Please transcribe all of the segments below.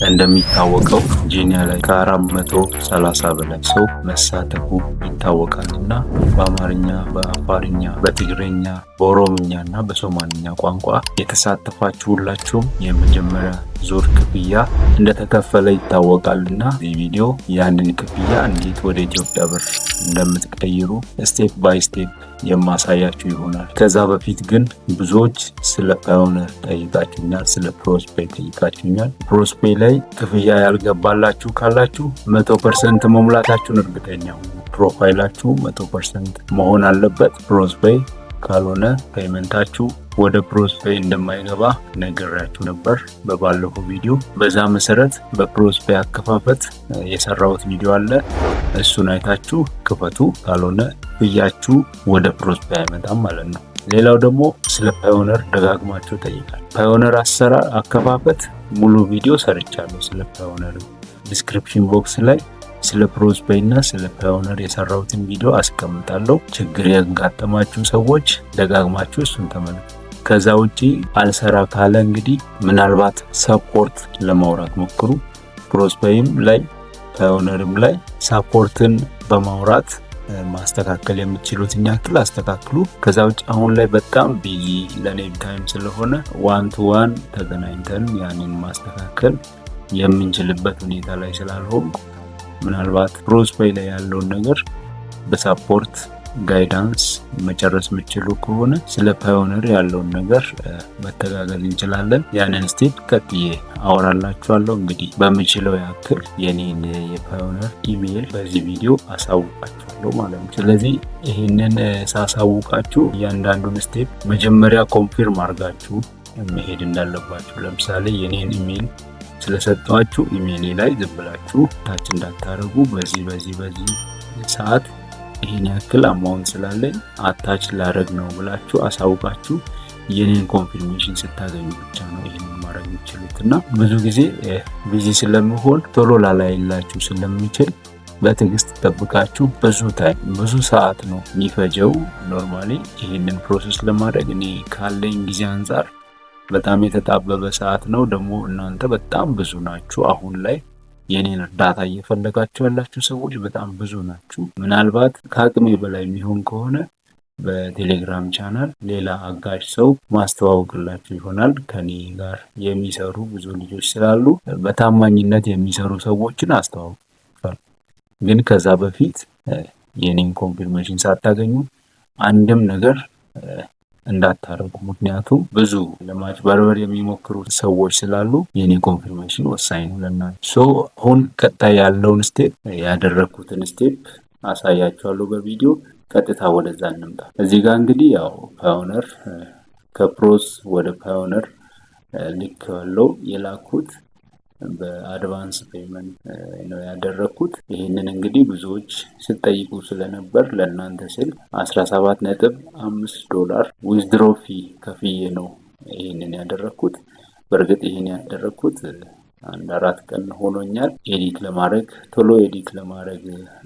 Uh, እንደሚታወቀው ጂኒያ ላይ ከ430 በላይ ሰው መሳተፉ ይታወቃል እና በአማርኛ፣ በአፋርኛ፣ በትግረኛ፣ በኦሮምኛ እና በሶማልኛ ቋንቋ የተሳተፋችሁ ሁላችሁም የመጀመሪያ ዙር ክፍያ እንደተከፈለ ይታወቃል እና ይህ ቪዲዮ ያንን ክፍያ እንዴት ወደ ኢትዮጵያ ብር እንደምትቀይሩ ስቴፕ ባይ ስቴፕ የማሳያችሁ ይሆናል። ከዛ በፊት ግን ብዙዎች ስለ ፓዮነር ጠይቃችሁኛል፣ ስለ ፕሮስፔ ጠይቃችሁኛል። ፕሮስፔ ላይ ክፍያ ያልገባላችሁ ካላችሁ መቶ ፐርሰንት መሙላታችሁን እርግጠኛ ፕሮፋይላችሁ መቶ ፐርሰንት መሆን አለበት። ፕሮስፔይ ካልሆነ ፔመንታችሁ ወደ ፕሮስፔይ እንደማይገባ ነግሬያችሁ ነበር በባለፈው ቪዲዮ። በዛ መሰረት በፕሮስፔይ አከፋፈት የሰራሁት ቪዲዮ አለ። እሱን አይታችሁ ክፈቱ። ካልሆነ ብያችሁ ወደ ፕሮስፔይ አይመጣም ማለት ነው። ሌላው ደግሞ ስለ ፓዮነር ደጋግማቸው ጠይቃል። ፓዮነር አሰራር አከፋፈት ሙሉ ቪዲዮ ሰርቻለሁ። ስለ ፓዮነር ዲስክሪፕሽን ቦክስ ላይ ስለ ፕሮስፔይ እና ስለ ፓዮነር የሰራሁትን ቪዲዮ አስቀምጣለሁ። ችግር ያጋጠማችሁ ሰዎች ደጋግማችሁ እሱን ተመልከቱ። ከዛ ውጪ አልሰራ ካለ እንግዲህ ምናልባት ሰፖርት ለማውራት ሞክሩ። ፕሮስፔይም ላይ ፓዮነርም ላይ ሰፖርትን በማውራት ማስተካከል የምትችሉትን ያክል አስተካክሉ። ከዛ ውጭ አሁን ላይ በጣም ቢዚ ለኔ ታይም ስለሆነ ዋን ቱ ዋን ተገናኝተን ያንን ማስተካከል የምንችልበት ሁኔታ ላይ ስላልሆን ምናልባት ሮዝፔይ ላይ ያለውን ነገር በሳፖርት ጋይዳንስ መጨረስ የምችሉ ከሆነ ስለ ፓዮነር ያለውን ነገር መተጋገዝ እንችላለን። ያንን ስቴፕ ቀጥዬ አወራላችኋለሁ። እንግዲህ በምችለው ያክል የኔን የፓዮነር ኢሜይል በዚህ ቪዲዮ አሳውቃችኋለሁ ማለት ነው። ስለዚህ ይህንን ሳሳውቃችሁ እያንዳንዱን ስቴፕ መጀመሪያ ኮንፊርም አድርጋችሁ መሄድ እንዳለባችሁ። ለምሳሌ የኔን ኢሜይል ስለሰጧችሁ ኢሜይሌ ላይ ዝም ብላችሁ ታች እንዳታደርጉ በዚህ በዚህ በዚህ ሰዓት ይህን ያክል አማውንት ስላለኝ አታች ላደረግ ነው ብላችሁ አሳውቃችሁ የኔን ኮንፊርሜሽን ስታገኙ ብቻ ነው ይህንን ማድረግ የሚችሉት እና ብዙ ጊዜ ቢዚ ስለምሆን ቶሎ ላላይላችሁ ስለሚችል በትዕግስት ጠብቃችሁ ብዙ ታይም ብዙ ሰዓት ነው የሚፈጀው። ኖርማሊ ይህንን ፕሮሰስ ለማድረግ እኔ ካለኝ ጊዜ አንጻር በጣም የተጣበበ ሰዓት ነው። ደግሞ እናንተ በጣም ብዙ ናችሁ አሁን ላይ የኔን እርዳታ እየፈለጋችሁ ያላችሁ ሰዎች በጣም ብዙ ናችሁ። ምናልባት ከአቅሜ በላይ የሚሆን ከሆነ በቴሌግራም ቻናል ሌላ አጋዥ ሰው ማስተዋወቅላችሁ ይሆናል። ከኔ ጋር የሚሰሩ ብዙ ልጆች ስላሉ በታማኝነት የሚሰሩ ሰዎችን አስተዋውቃል። ግን ከዛ በፊት የኔን ኮንፊርሜሽን ሳታገኙ አንድም ነገር እንዳታረጉ። ምክንያቱም ብዙ ለማጭበርበር የሚሞክሩ ሰዎች ስላሉ የኔ ኮንፊርሜሽን ወሳኝ ነው ለና ሶ አሁን ቀጣይ ያለውን ስቴፕ ያደረግኩትን ስቴፕ አሳያችኋለሁ በቪዲዮ ቀጥታ ወደዛ እንምጣ። እዚህ ጋር እንግዲህ ያው ፓዮነር ከፕሮስ ወደ ፓዮነር ልክ ያለው የላኩት በአድቫንስ ፔመንት ነው ያደረግኩት። ይህንን እንግዲህ ብዙዎች ስጠይቁ ስለነበር ለእናንተ ስል 17 ነጥብ አምስት ዶላር ዊዝድሮ ፊ ከፍዬ ነው ይህንን ያደረግኩት። በእርግጥ ይህን ያደረግኩት አንድ አራት ቀን ሆኖኛል። ኤዲት ለማድረግ ቶሎ ኤዲት ለማድረግ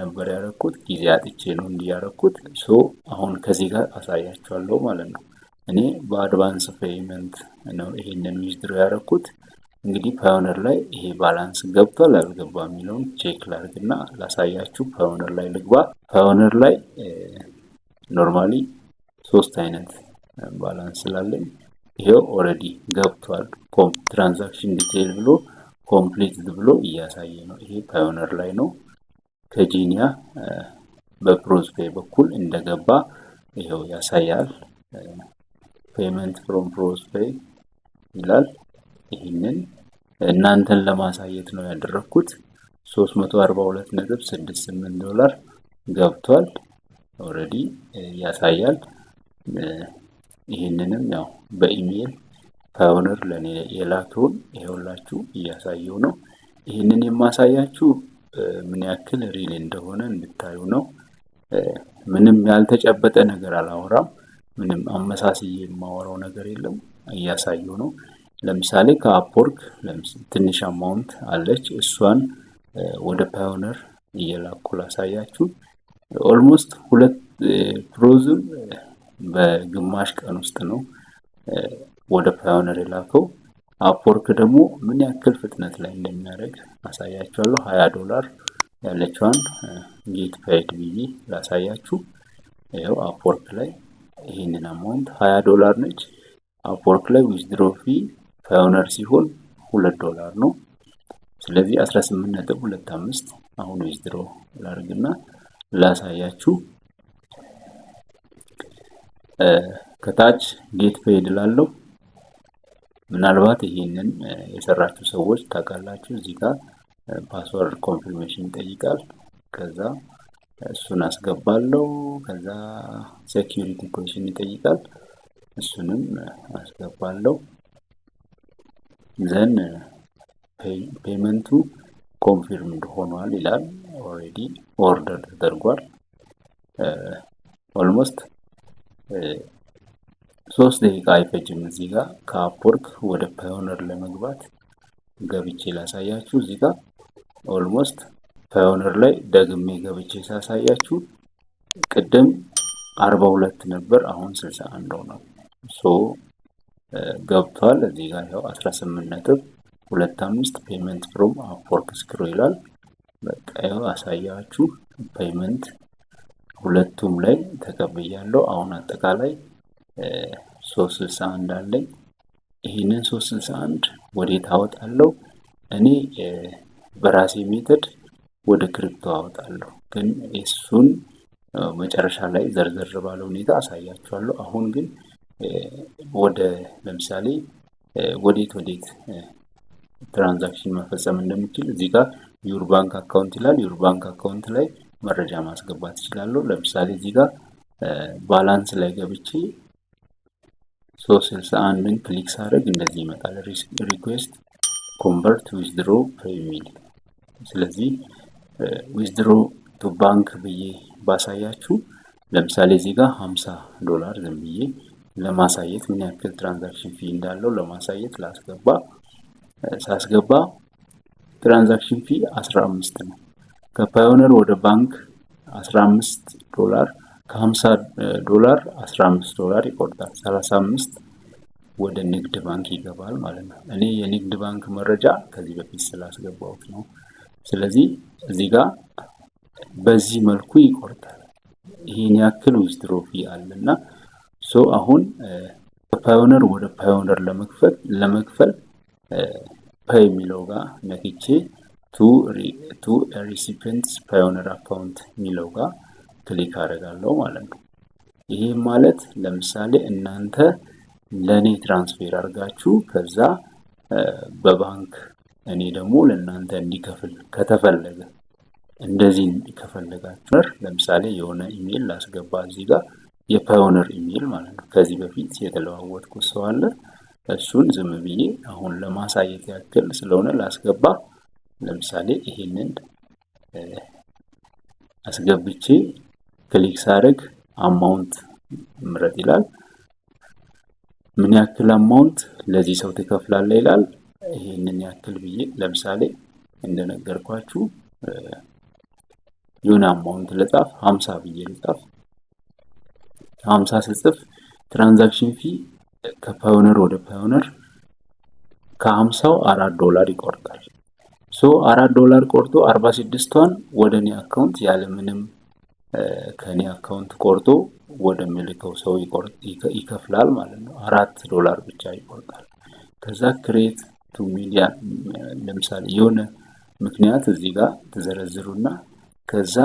ነበር ያደረኩት። ጊዜ አጥቼ ነው እንዲህ ያደረኩት። ሶ አሁን ከዚህ ጋር አሳያችኋለሁ ማለት ነው። እኔ በአድቫንስ ፔይመንት ነው ይሄንን ዊዝድሮ ያደረኩት። እንግዲህ ፓዮነር ላይ ይሄ ባላንስ ገብቷል አልገባ የሚለውን ቼክ ላድርግና ላሳያችሁ። ፓዮነር ላይ ልግባ። ፓዮነር ላይ ኖርማሊ ሶስት አይነት ባላንስ ስላለኝ ይሄው ኦልሬዲ ገብቷል። ትራንዛክሽን ዲቴይል ብሎ ኮምፕሊት ብሎ እያሳየ ነው። ይሄ ፓዮነር ላይ ነው። ከጂኒያ በፕሮዝፔ በኩል እንደገባ ይሄው ያሳያል። ፔመንት ፍሮም ፕሮዝፔ ይላል። ይህንን እናንተን ለማሳየት ነው ያደረግኩት። 342.68 ዶላር ገብቷል። ኦልሬዲ ያሳያል። ይህንንም ያው በኢሜይል ፓዮነር ለእኔ የላከውን ይኸውላችሁ እያሳየው ነው። ይህንን የማሳያችሁ ምን ያክል ሪል እንደሆነ እንድታዩ ነው። ምንም ያልተጨበጠ ነገር አላወራም። ምንም አመሳስዬ የማወራው ነገር የለም። እያሳየው ነው። ለምሳሌ ከአፕወርክ ትንሽ አማውንት አለች። እሷን ወደ ፓዮነር እየላኩ ላሳያችሁ። ኦልሞስት ሁለት ፕሮዝም በግማሽ ቀን ውስጥ ነው ወደ ፓዮነር የላከው። አፕወርክ ደግሞ ምን ያክል ፍጥነት ላይ እንደሚያደርግ አሳያችኋለሁ። ሀያ ዶላር ያለችዋን ጌት ፓይድ ብዬ ላሳያችሁ። ይኸው አፖርክ ላይ ይህንን አማውንት ሀያ ዶላር ነች። አፖርክ ላይ ዊዝድሮ ፊ ፋውነር ሲሆን ሁለት ዶላር ነው። ስለዚህ 18.25 አሁን ዊዝድሮ ላርግና ላሳያችሁ። ከታች ጌት ፔድ ላለው ምናልባት ይሄንን የሰራችሁ ሰዎች ታውቃላችሁ። እዚህ ጋር ፓስወርድ ኮንፊርሜሽን ይጠይቃል። ከዛ እሱን አስገባለው። ከዛ ሴኪሪቲ ኮሽን ይጠይቃል። እሱንም አስገባለው። ዘን ፔመንቱ ኮንፊርምድ ሆኗል ይላል። ኦሬዲ ኦርደር ተደርጓል። ኦልሞስት uh, uh, ሶስት ደቂቃ አይፈጅም። እዚህ ጋ ከአፕወርክ ወደ ፓዮነር ለመግባት ገብቼ ላሳያችሁ። እዚህ ጋ ኦልሞስት ፓዮነር ላይ ደግሜ ገብቼ ሳሳያችሁ ቅድም አርባ ሁለት ነበር፣ አሁን ስልሳ አንድ ሆኗል። ሶ ገብቷል። እዚህ ጋር ያው 18 ነጥብ ሁለት አምስት ፔመንት ፍሮም አፕወርክ ስክሮ ይላል። በቃ ያው አሳያችሁ ፔመንት ሁለቱም ላይ ተቀብያለሁ። አሁን አጠቃላይ 361 አለኝ። ይህንን 361 ወዴት አወጣለሁ? እኔ በራሴ ሜተድ ወደ ክሪፕቶ አወጣለሁ፣ ግን እሱን መጨረሻ ላይ ዘርዘር ባለ ሁኔታ አሳያችኋለሁ። አሁን ግን ወደ ለምሳሌ ወዴት ወዴት ትራንዛክሽን መፈጸም እንደምችል እዚህ ጋር ዩር ባንክ አካውንት ይላል። ዩር ባንክ አካውንት ላይ መረጃ ማስገባት እችላለሁ። ለምሳሌ እዚህ ጋር ባላንስ ላይ ገብቼ ሶስት ስልሳ አንድን ክሊክ ሳደርግ እንደዚህ ይመጣል። ሪኩዌስት ኮንቨርት ዊዝድሮ የሚል ስለዚህ ዊዝድሮ ቱ ባንክ ብዬ ባሳያችሁ ለምሳሌ እዚህ ጋር ሀምሳ ዶላር ዝም ብዬ ለማሳየት ምን ያክል ትራንዛክሽን ፊ እንዳለው ለማሳየት ላስገባ ሳስገባ ትራንዛክሽን ፊ 15 ነው። ከፓዮነር ወደ ባንክ 15 ዶላር ከ50 ዶላር 15 ዶላር ይቆርጣል። 35 ወደ ንግድ ባንክ ይገባል ማለት ነው። እኔ የንግድ ባንክ መረጃ ከዚህ በፊት ስላስገባሁት ነው። ስለዚህ እዚህ ጋር በዚህ መልኩ ይቆርጣል። ይህን ያክል ዊዝድሮ ፊ አለና ሶ አሁን ከፓዮነር ወደ ፓዮነር ለመክፈል ለመክፈል ፓይ የሚለው ጋር ነክቼ ቱ ሪሲፒየንትስ ፓዮነር አካውንት የሚለው ጋር ክሊክ አደርጋለሁ ማለት ነው። ይሄ ማለት ለምሳሌ እናንተ ለእኔ ትራንስፌር አድርጋችሁ ከዛ በባንክ እኔ ደግሞ ለእናንተ እንዲከፍል ከተፈለገ እንደዚህ ከፈለጋችሁ ለምሳሌ የሆነ ኢሜይል ላስገባ እዚህ ጋር የፓዮነር ኢሜል ማለት ነው። ከዚህ በፊት የተለዋወጥኩ ሰው አለ። እሱን ዝም ብዬ አሁን ለማሳየት ያክል ስለሆነ ላስገባ። ለምሳሌ ይሄንን አስገብቼ ክሊክ ሳደርግ አማውንት ምረጥ ይላል። ምን ያክል አማውንት ለዚህ ሰው ትከፍላለህ ይላል። ይሄንን ያክል ብዬ ለምሳሌ እንደነገርኳችሁ የሆነ አማውንት ለጻፍ ሀምሳ ብዬ ልጻፍ ሀምሳ ስጽፍ ትራንዛክሽን ፊ ከፓዮነር ወደ ፓዮነር ከሀምሳው አራት ዶላር ይቆርጣል። ሶ አራት ዶላር ቆርጦ አርባ ስድስቷን ወደ እኔ አካውንት ያለምንም ከኔ አካውንት ቆርጦ ወደ ምልከው ሰው ይከፍላል ማለት ነው። አራት ዶላር ብቻ ይቆርጣል። ከዛ ክሬት ቱ ሚሊያን ለምሳሌ የሆነ ምክንያት እዚህ ጋር ትዘረዝሩና ከዛ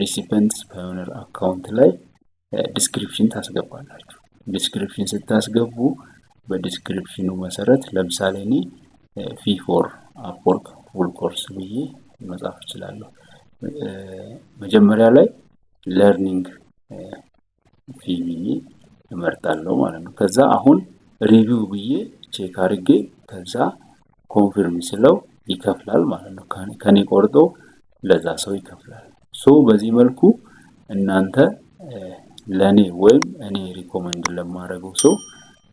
ሪሲፐንት ፓዮነር አካውንት ላይ ዲስክሪፕሽን ታስገባላችሁ። ዲስክሪፕሽን ስታስገቡ በዲስክሪፕሽኑ መሰረት ለምሳሌ እኔ ፊ ፎር አፕወርክ ፉል ኮርስ ብዬ መጻፍ እችላለሁ። መጀመሪያ ላይ ለርኒንግ ፊ ብዬ እመርጣለሁ ማለት ነው። ከዛ አሁን ሪቪው ብዬ ቼክ አድርጌ ከዛ ኮንፊርም ስለው ይከፍላል ማለት ነው። ከኔ ቆርጦ ለዛ ሰው ይከፍላል። ሶ በዚህ መልኩ እናንተ ለእኔ ወይም እኔ ሪኮመንድ ለማድረገው ሰው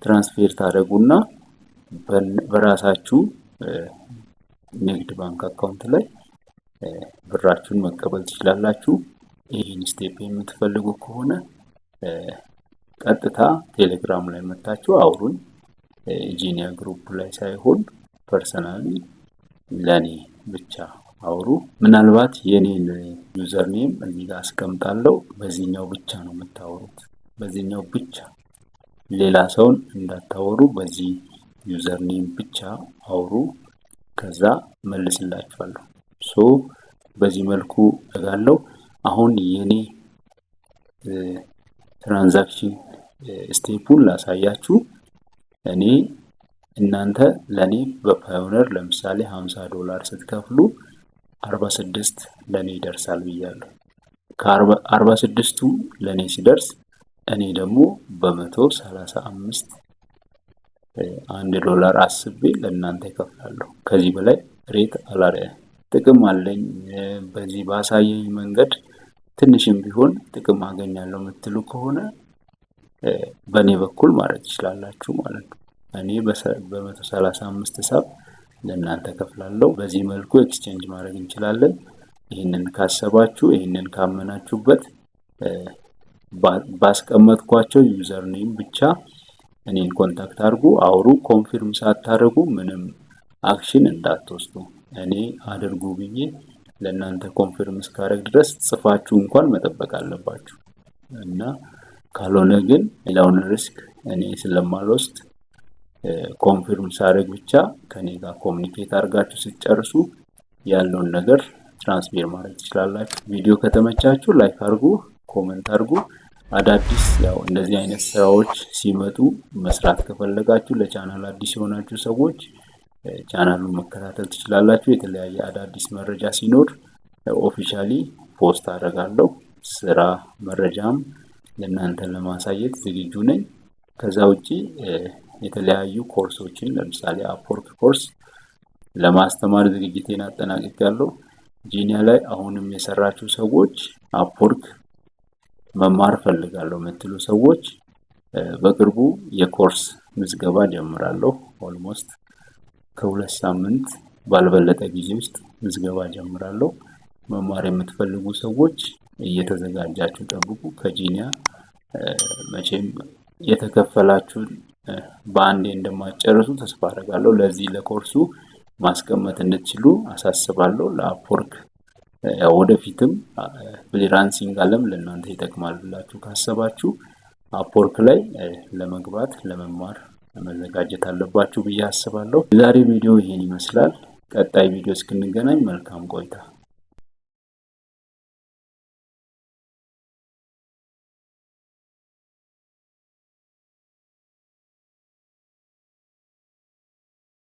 ትራንስፌር ታደረጉና በራሳችሁ ንግድ ባንክ አካውንት ላይ ብራችሁን መቀበል ትችላላችሁ። ይህን ስቴፕ የምትፈልጉ ከሆነ ቀጥታ ቴሌግራም ላይ መታችሁ አውሩን። ኢጂኒያ ግሩፕ ላይ ሳይሆን ፐርሰናሊ ለእኔ ብቻ አውሩ። ምናልባት የኔን ዩዘር ኔም እዚህ ጋር አስቀምጣለሁ። በዚህኛው ብቻ ነው የምታወሩት፣ በዚህኛው ብቻ ሌላ ሰውን እንዳታወሩ። በዚህ ዩዘር ኔም ብቻ አውሩ። ከዛ መልስላችኋለሁ። ሶ በዚህ መልኩ እጋለሁ። አሁን የኔ ትራንዛክሽን ስቴፑን ላሳያችሁ። እኔ እናንተ ለእኔ በፓዮነር ለምሳሌ 50 ዶላር ስትከፍሉ አርባ ስድስት ለእኔ ይደርሳል ብያለሁ። ከአርባ ስድስቱ ለእኔ ሲደርስ እኔ ደግሞ በመቶ ሰላሳ አምስት አንድ ዶላር አስቤ ለእናንተ ይከፍላለሁ። ከዚህ በላይ ሬት አላሪያ ጥቅም አለኝ። በዚህ ባሳየኝ መንገድ ትንሽም ቢሆን ጥቅም አገኛለሁ የምትሉ ከሆነ በእኔ በኩል ማድረግ ትችላላችሁ ማለት ነው። እኔ በመቶ ሰላሳ አምስት ሳብ ለእናንተ ከፍላለሁ። በዚህ መልኩ ኤክስቼንጅ ማድረግ እንችላለን። ይህንን ካሰባችሁ ይህንን ካመናችሁበት ባስቀመጥኳቸው ዩዘር ኔም ብቻ እኔን ኮንታክት አድርጉ፣ አውሩ። ኮንፊርም ሳታደርጉ ምንም አክሽን እንዳትወስዱ። እኔ አድርጉ ብዬ ለእናንተ ኮንፊርም እስካደረግ ድረስ ጽፋችሁ እንኳን መጠበቅ አለባችሁ እና ካልሆነ ግን ሌላውን ሪስክ እኔ ስለማልወስድ ኮንፊርም ሳደርግ ብቻ ከኔ ጋር ኮሚኒኬት አድርጋችሁ ስትጨርሱ ያለውን ነገር ትራንስፌር ማድረግ ትችላላችሁ። ቪዲዮ ከተመቻችሁ ላይክ አድርጉ፣ ኮመንት አድርጉ። አዳዲስ ያው እንደዚህ አይነት ስራዎች ሲመጡ መስራት ከፈለጋችሁ ለቻናል አዲስ የሆናችሁ ሰዎች ቻናሉን መከታተል ትችላላችሁ። የተለያየ አዳዲስ መረጃ ሲኖር ኦፊሻሊ ፖስት አደርጋለሁ። ስራ መረጃም ለእናንተን ለማሳየት ዝግጁ ነኝ። ከዛ ውጪ የተለያዩ ኮርሶችን ለምሳሌ አፕወርክ ኮርስ ለማስተማር ዝግጅቴን አጠናቅቄያለሁ። ጂኒያ ላይ አሁንም የሰራችሁ ሰዎች አፕወርክ መማር ፈልጋለሁ የምትሉ ሰዎች በቅርቡ የኮርስ ምዝገባ ጀምራለሁ። ኦልሞስት ከሁለት ሳምንት ባልበለጠ ጊዜ ውስጥ ምዝገባ ጀምራለሁ። መማር የምትፈልጉ ሰዎች እየተዘጋጃችሁ ጠብቁ። ከጂኒያ መቼም የተከፈላችሁን በአንዴ እንደማጨርሱ ተስፋ አደርጋለሁ። ለዚህ ለኮርሱ ማስቀመጥ እንድትችሉ አሳስባለሁ። ለአፕወርክ ወደፊትም ፍሪላንሲንግ አለም ለእናንተ ይጠቅማል ብላችሁ ካሰባችሁ አፕወርክ ላይ ለመግባት ለመማር መዘጋጀት አለባችሁ ብዬ አስባለሁ። የዛሬ ቪዲዮ ይሄን ይመስላል። ቀጣይ ቪዲዮ እስክንገናኝ መልካም ቆይታ